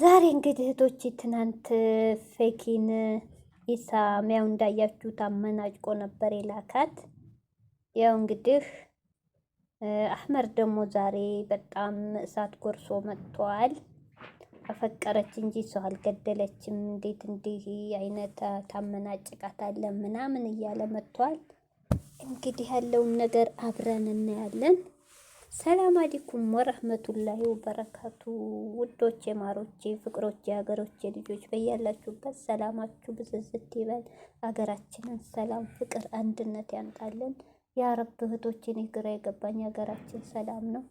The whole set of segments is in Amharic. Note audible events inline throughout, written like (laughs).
ዛሬ እንግዲህ እህቶች ትናንት ፌኪን ኢሳም ያው እንዳያችሁት አመናጭቆ ነበር የላካት። ያው እንግዲህ አህመድ ደግሞ ዛሬ በጣም እሳት ጎርሶ መጥቷል። አፈቀረች እንጂ ሰው አልገደለችም፣ እንዴት እንዲህ አይነት ታመናጭቃታለን ምናምን እያለ መጥቷል። እንግዲህ ያለውን ነገር አብረን እናያለን። ሰላም አለይኩም ወረህመቱላሂ ወበረካቱ። ውዶቼ፣ ማሮቼ፣ ፍቅሮቼ፣ ሀገሮቼ ልጆች በያላችሁበት ሰላማችሁ ብዝዝት ይበል። ሀገራችንን ሰላም፣ ፍቅር፣ አንድነት ያምጣልን። የአረብ እህቶችን ግራ የገባኝ ሀገራችን ሰላም ነው።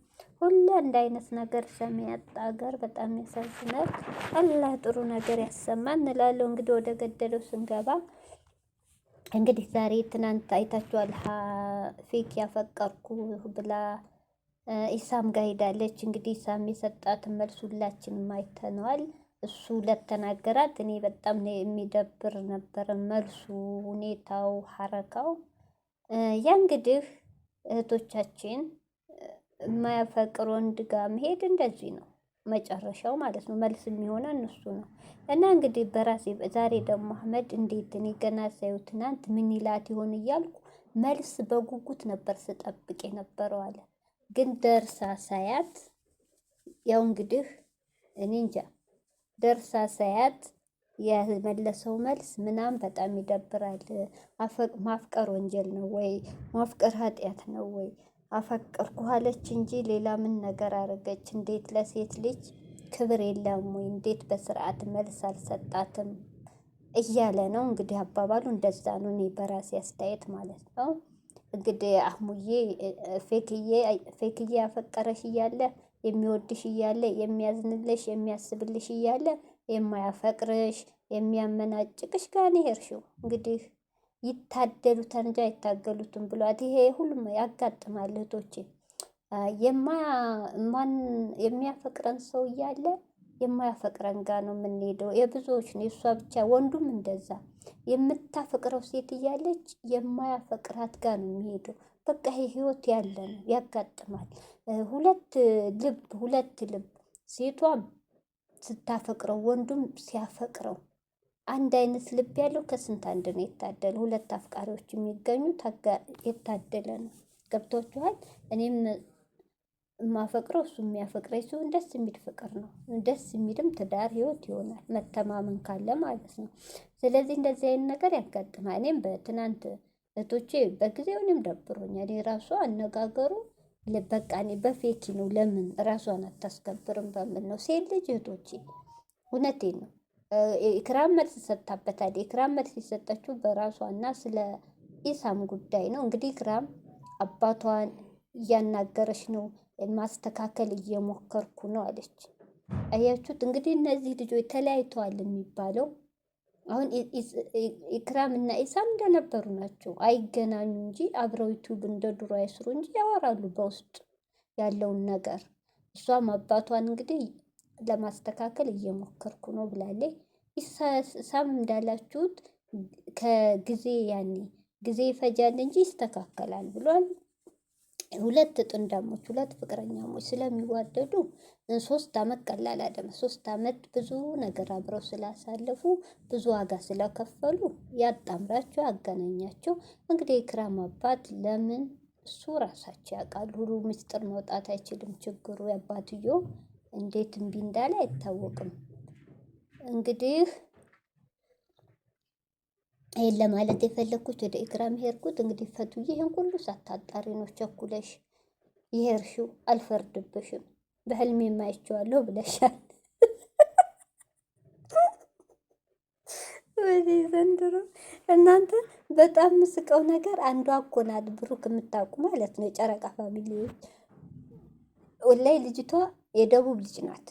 ሁሌ አንድ አይነት ነገር ሰሚያጣ ሀገር በጣም ያሳዝናል። አላህ ጥሩ ነገር ያሰማ እንላለሁ። እንግዲህ ወደ ገደለው ስንገባ እንግዲህ ዛሬ ትናንት አይታችኋል ፊክ ያፈቀርኩ ብላ ኢሳም ጋር ሄዳለች። እንግዲህ ኢሳም የሰጣት መልስ ሁላችንም አይተነዋል። እሱ ለተናገራት እኔ በጣም የሚደብር ነበር መልሱ፣ ሁኔታው፣ ሐረካው። ያ እንግዲህ እህቶቻችን የማያፈቅር ወንድ ጋር መሄድ እንደዚህ ነው መጨረሻው ማለት ነው። መልስ የሚሆነው እነሱ ነው። እና እንግዲህ በራሴ ዛሬ ደግሞ አህመድ እንዴት እኔ ገና ሳዩ ትናንት ምን ይላት ይሆን እያልኩ መልስ በጉጉት ነበር ስጠብቅ የነበረው አለ ግን ደርሳ ሳያት ያው እንግዲህ እኔ እንጃ ደርሳ ሳያት የመለሰው መልስ ምናምን በጣም ይደብራል። ማፍቀር ወንጀል ነው ወይ? ማፍቀር ኃጢአት ነው ወይ? አፈቀርኩህ አለች እንጂ ሌላ ምን ነገር አደረገች? እንዴት ለሴት ልጅ ክብር የለም ወይ? እንዴት በስርዓት መልስ አልሰጣትም? እያለ ነው እንግዲህ አባባሉ እንደዛ ነው። እኔ በራሴ አስተያየት ማለት ነው። እንግዲህ አህሙዬ ፌክዬ ፌክዬ ያፈቀረሽ እያለ የሚወድሽ እያለ የሚያዝንልሽ የሚያስብልሽ እያለ የማያፈቅርሽ የሚያመናጭቅሽ ጋር ነው የሄድሽው። እንግዲህ ይታደሉታል እንጂ አይታገሉትም ብሏት። ይሄ ሁሉም ያጋጥማል እህቶቼ። የሚያፈቅረን ሰው እያለ የማያፈቅረን ጋር ነው የምንሄደው። የብዙዎች ነው የእሷ ብቻ። ወንዱም እንደዛ የምታፈቅረው ሴት እያለች የማያፈቅራት ጋር ነው የሚሄደው። በቃ ይህ ህይወት ያለ ነው፣ ያጋጥማል። ሁለት ልብ ሁለት ልብ ሴቷም ስታፈቅረው ወንዱም ሲያፈቅረው አንድ አይነት ልብ ያለው ከስንት አንድ ነው የታደለ። ሁለት አፍቃሪዎች የሚገኙት የታደለ ነው። ገብቷችኋል? እኔም የማፈቅረው እሱ የሚያፈቅረኝ ሲሆን ደስ የሚል ፍቅር ነው። ደስ የሚልም ትዳር ህይወት ይሆናል መተማመን ካለ ማለት ነው። ስለዚህ እንደዚህ አይነት ነገር ያጋጥማል። እኔም በትናንት እህቶቼ በጊዜው እኔም ደብሮኛል። የራሷ አነጋገሩ በቃ እኔ በፌኪ ነው ለምን ራሷን አታስከብርም በምን ነው ሴት ልጅ እህቶቼ፣ እውነቴ ነው። ኢክራም መልስ ሰጥታበታል። ኢክራም መልስ የሰጠችው በራሷና ስለ ኢሳም ጉዳይ ነው። እንግዲህ ኢክራም አባቷን እያናገረች ነው ማስተካከል እየሞከርኩ ነው አለች። አያችሁት እንግዲህ እነዚህ ልጆች ተለያይተዋል የሚባለው አሁን ኢክራም እና ኢሳም እንደነበሩ ናቸው። አይገናኙ እንጂ አብረው ዩቱብ እንደ ድሮ አይስሩ እንጂ ያወራሉ በውስጥ ያለውን ነገር። እሷም አባቷን እንግዲህ ለማስተካከል እየሞከርኩ ነው ብላለች። ኢሳም እንዳላችሁት ከጊዜ ያኔ ጊዜ ይፈጃል እንጂ ይስተካከላል ብሏል። ሁለት ጥንዳሞች ሁለት ፍቅረኛሞች ስለሚዋደዱ ሶስት አመት ቀላል አይደለም። ሶስት አመት ብዙ ነገር አብረው ስላሳለፉ ብዙ ዋጋ ስለከፈሉ ያጣምራቸው፣ ያገናኛቸው። እንግዲህ የክራም አባት ለምን እሱ ራሳቸው ያውቃል። ሁሉ ምስጢር መውጣት አይችልም። ችግሩ የአባትዮ እንዴት እምቢ እንዳለ አይታወቅም እንግዲህ ይሄን ለማለት የፈለግኩት ወደ ኢክራም ሄድኩት። እንግዲህ ፈቱዬ ይህን ሁሉ ሳታጣሪ ነው ቸኩለሽ ይሄርሽው። አልፈርድብሽም፣ በህልሜ የማይቸዋለሁ ብለሻል። (laughs) ወዲህ ዘንድሮ እናንተ በጣም ምስቀው ነገር አንዷ እኮ ናት ብሩክ፣ የምታውቁ ማለት ነው የጨረቃ ፋሚሊ። ወላሂ ልጅቷ የደቡብ ልጅ ናት።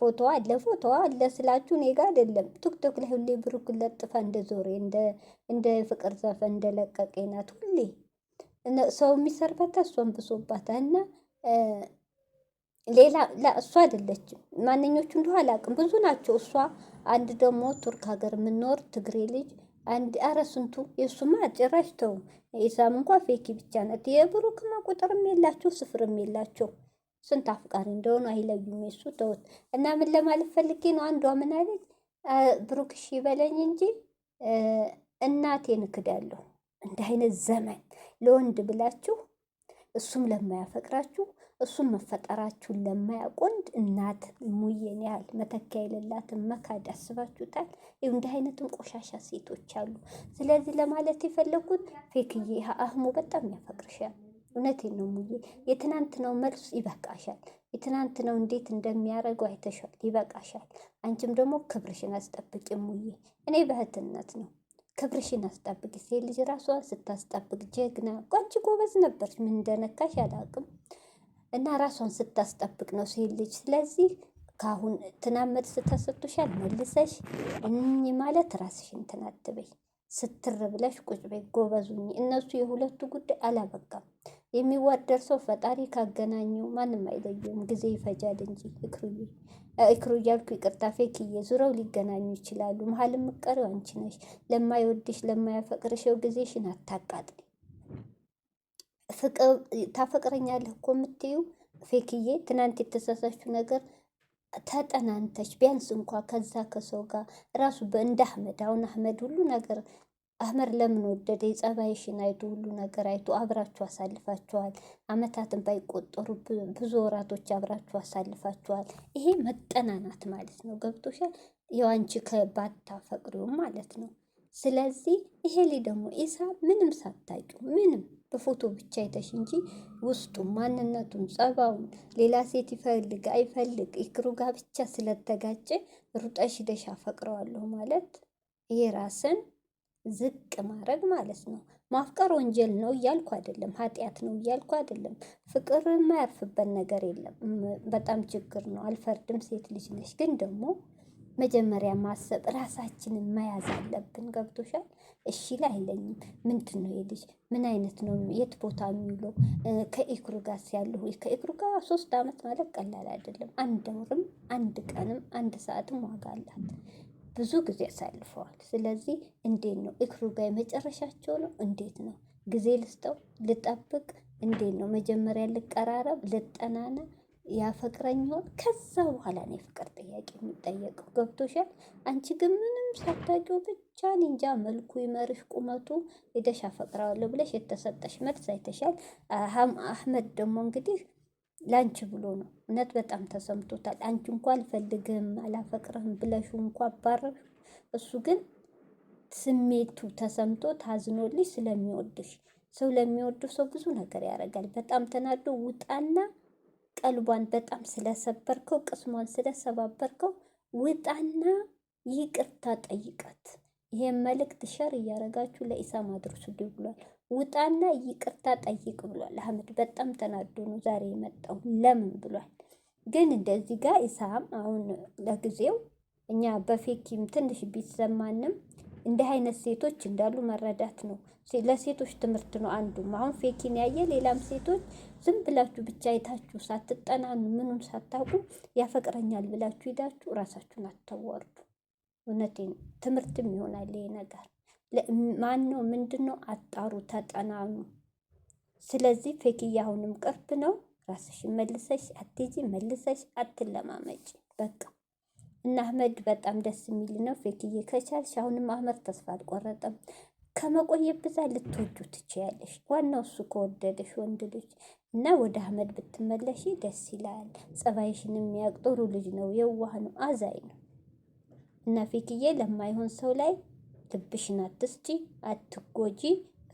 ፎቶ አለ ፎቶ አለ ስላችሁ እኔ ጋ አይደለም። ቲክቶክ ላይ ሁሌ ብሩክ ለጥፋ እንደ ዞሬ እንደ ፍቅር ዘፈ እንደ ለቀቄ ናት ሁሌ ሰው የሚሰርበት እሷን ብሶባታ እና ሌላ እሷ አይደለችም። ማንኞቹ እንደሆነ አላውቅም፣ ብዙ ናቸው። እሷ አንድ ደግሞ ቱርክ ሀገር የምኖር ትግሬ ልጅ አንድ አረ ስንቱ የእሱማ ጭራሽ ተው። ኢሳም እንኳ ፌኪ ብቻ ናት። የብሩክማ ቁጥርም የላቸው ስፍርም የላቸው። ስንት አፍቃሪ እንደሆኑ አይለዩም። የሱ ተውት እና ምን ለማለት ፈልጌ ነው? አንዷ ምን አለች? ብሩክሽ ይበለኝ እንጂ እናቴን እክዳለሁ። እንደ አይነት ዘመን ለወንድ ብላችሁ እሱም ለማያፈቅራችሁ እሱም መፈጠራችሁን ለማያውቅ ወንድ እናት ሙየን ያህል መተኪያ የሌላትን መካድ አስባችሁታል? ይኸው እንደ አይነትም ቆሻሻ ሴቶች አሉ። ስለዚህ ለማለት የፈለኩት ፌክዬ አህሙ በጣም ያፈቅርሻል። እውነቴን ነው ሙዬ፣ የትናንትናው መልስ ይበቃሻል። የትናንትናው እንዴት እንደሚያደርገው አይተሻል፣ ይበቃሻል። አንቺም ደግሞ ክብርሽን አስጠብቂ ሙዬ። እኔ በእህትነት ነው ክብርሽን አስጠብቂ። ሴት ልጅ ራሷን ስታስጠብቅ ጀግና። አንቺ ጎበዝ ነበርሽ፣ ምን እንደነካሽ አላውቅም። እና ራሷን ስታስጠብቅ ነው ሴት ልጅ። ስለዚህ ከአሁን ትናንት ስተሰጡሻል መልሰሽ እኝ ማለት ራስሽን ትናትበይ ስትር ብለሽ ቁጭ በይ። ጎበዙኝ። እነሱ የሁለቱ ጉዳይ አላበቃም። የሚዋደር ሰው ፈጣሪ ካገናኙ ማንም አይለየውም። ጊዜ ይፈጃል እንጂ እክሩዬ እክሩ እያልኩ ይቅርታ ፌክዬ ዙረው ሊገናኙ ይችላሉ። መሀል የምትቀሪው አንቺ ነሽ። ለማይወድሽ ለማያፈቅርሽ ጊዜ ጊዜሽን አታቃጥል። ታፈቅረኛለህ እኮ የምትዩ ፌክዬ ትናንት የተሳሳችሁ ነገር ተጠናንተች ቢያንስ እንኳ ከዛ ከሰው ጋር ራሱ በእንደ አህመድ አሁን አህመድ ሁሉ ነገር አህመድ ለምን ወደደ? የጸባይሽን አይቶ ሁሉ ነገር አይቶ አብራችሁ አሳልፋችኋል። አመታትን ባይቆጠሩ ብዙ ወራቶች አብራችሁ አሳልፋችኋል። ይሄ መጠናናት ማለት ነው። ገብቶሻል? የዋንቺ ከባታ ፈቅሪውም ማለት ነው። ስለዚህ ይሄ ላይ ደግሞ ኢሳ ምንም ሳታውቂው ምንም በፎቶ ብቻ አይተሽ እንጂ ውስጡም ማንነቱን፣ ጸባውን ሌላ ሴት ይፈልግ አይፈልግ ይክሩ ጋር ብቻ ስለተጋጨ ሩጠሽ ሂደሽ አፈቅረዋለሁ ማለት ይሄ ራስን ዝቅ ማድረግ ማለት ነው። ማፍቀር ወንጀል ነው እያልኩ አይደለም፣ ኃጢአት ነው እያልኩ አይደለም። ፍቅር የማያርፍበት ነገር የለም። በጣም ችግር ነው። አልፈርድም። ሴት ልጅ ነች። ግን ደግሞ መጀመሪያ ማሰብ ራሳችንን መያዝ አለብን። ገብቶሻል? እሺ ላይ አይለኝም። ምንድን ነው የልጅ ምን አይነት ነው? የት ቦታ የሚውለው? ከኢክሩ ጋር ሲያለሁ ከኢክሩ ጋር ሶስት አመት ማለት ቀላል አይደለም። አንድ ወርም፣ አንድ ቀንም፣ አንድ ሰዓትም ዋጋ አላት። ብዙ ጊዜ አሳልፈዋል። ስለዚህ እንዴት ነው እክሩ ጋር የመጨረሻቸው ነው? እንዴት ነው ጊዜ ልስጠው ልጠብቅ? እንዴት ነው መጀመሪያ ልቀራረብ፣ ልጠናና ያፈቅረኝ ይሆን? ከዛ በኋላ ነው የፍቅር ጥያቄ የሚጠየቀው። ገብቶሻል? አንቺ ግን ምንም ሳታውቂው ብቻ እንጃ መልኩ ይመርሽ፣ ቁመቱ ሄደሽ አፈቅረዋለሁ ብለሽ የተሰጠሽ መልስ አይተሻል። አህመድ ደግሞ እንግዲህ ለአንቺ ብሎ ነው። እውነት በጣም ተሰምቶታል። አንቺ እንኳ አልፈልግህም አላፈቅርህም ብለሽ እንኳ አባረር። እሱ ግን ስሜቱ ተሰምቶ ታዝኖልሽ ስለሚወድሽ ሰው ለሚወዱ ሰው ብዙ ነገር ያደርጋል። በጣም ተናዶ ውጣና ቀልቧን በጣም ስለሰበርከው ቅስሟን ስለሰባበርከው ውጣና ይቅርታ ጠይቃት። ይሄን መልእክት ሸር እያደረጋችሁ ለኢሳም አድርሱልኝ ብሏል። ውጣና ይቅርታ ጠይቅ ብሏል። አህመድ በጣም ተናዶ ነው ዛሬ የመጣው ለምን ብሏል። ግን እንደዚህ ጋር ኢሳም አሁን ለጊዜው እኛ በፌኪም ትንሽ ቢሰማንም እንዲህ አይነት ሴቶች እንዳሉ መረዳት ነው። ለሴቶች ትምህርት ነው አንዱም። አሁን ፌኪን ያየ ሌላም ሴቶች ዝም ብላችሁ ብቻ አይታችሁ ሳትጠናኑ ምኑን ሳታውቁ ያፈቅረኛል ብላችሁ ሂዳችሁ እራሳችሁን አታዋርዱ። እውነቴን ትምህርትም ይሆናል ይሄ ነገር። ማን ነው ምንድን ነው አጣሩ፣ ተጠናኑ። ስለዚህ ፈኪያ አሁንም ቅርብ ነው። ራስሽ መልሰሽ አትጂ፣ መልሰሽ አትለማመጪ። በቃ እና አህመድ በጣም ደስ የሚል ነው። ፈኪዬ ከቻልሽ አሁንም አህመድ ተስፋ አልቆረጠም። ከመቆየት ብዛ ልትወጁ ትችያለሽ። ዋናው እሱ ከወደደሽ ወንድ ልጅ እና ወደ አህመድ ብትመለሽ ደስ ይላል። ጸባይሽን የሚያውቅ ጥሩ ልጅ ነው። የዋህ ነው፣ አዛይ ነው እና ፈኪዬ ለማይሆን ሰው ላይ ልብሽን አትስጪ፣ አትጎጂ፣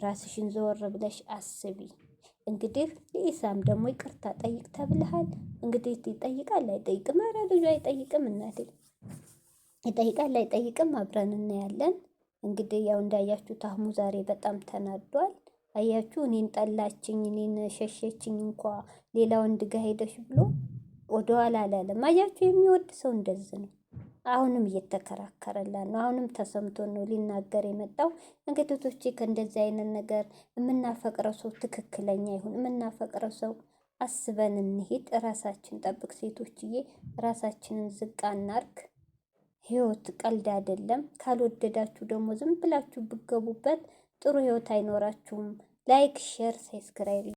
ራስሽን ዘወር ብለሽ አስቢ። እንግዲህ ኢሳም ደግሞ ይቅርታ ጠይቅ ተብልሃል። እንግዲህ ይጠይቃል አይጠይቅም? ኧረ ልጁ አይጠይቅም። እናቴ ይጠይቃል አይጠይቅም? አብረን እናያለን። እንግዲህ ያው እንዳያችሁ ታህሙ ዛሬ በጣም ተናዷል። አያችሁ እኔን ጠላችኝ፣ እኔን ሸሸችኝ፣ እንኳ ሌላ ወንድ ጋ ሄደሽ ብሎ ወደኋላ አላለም። አያችሁ የሚወድ ሰው እንደዚህ ነው። አሁንም እየተከራከረላን ነው። አሁንም ተሰምቶ ነው ሊናገር የመጣው። እንግዲቶች ከእንደዚህ አይነት ነገር የምናፈቅረው ሰው ትክክለኛ ይሁን የምናፈቅረው ሰው አስበን እንሂድ። ራሳችን ጠብቅ ሴቶችዬ፣ ራሳችንን ዝቅ አናርግ። ህይወት ቀልድ አይደለም። ካልወደዳችሁ ደግሞ ዝም ብላችሁ ብገቡበት ጥሩ ህይወት አይኖራችሁም። ላይክ፣ ሼር፣ ሳብስክራይብ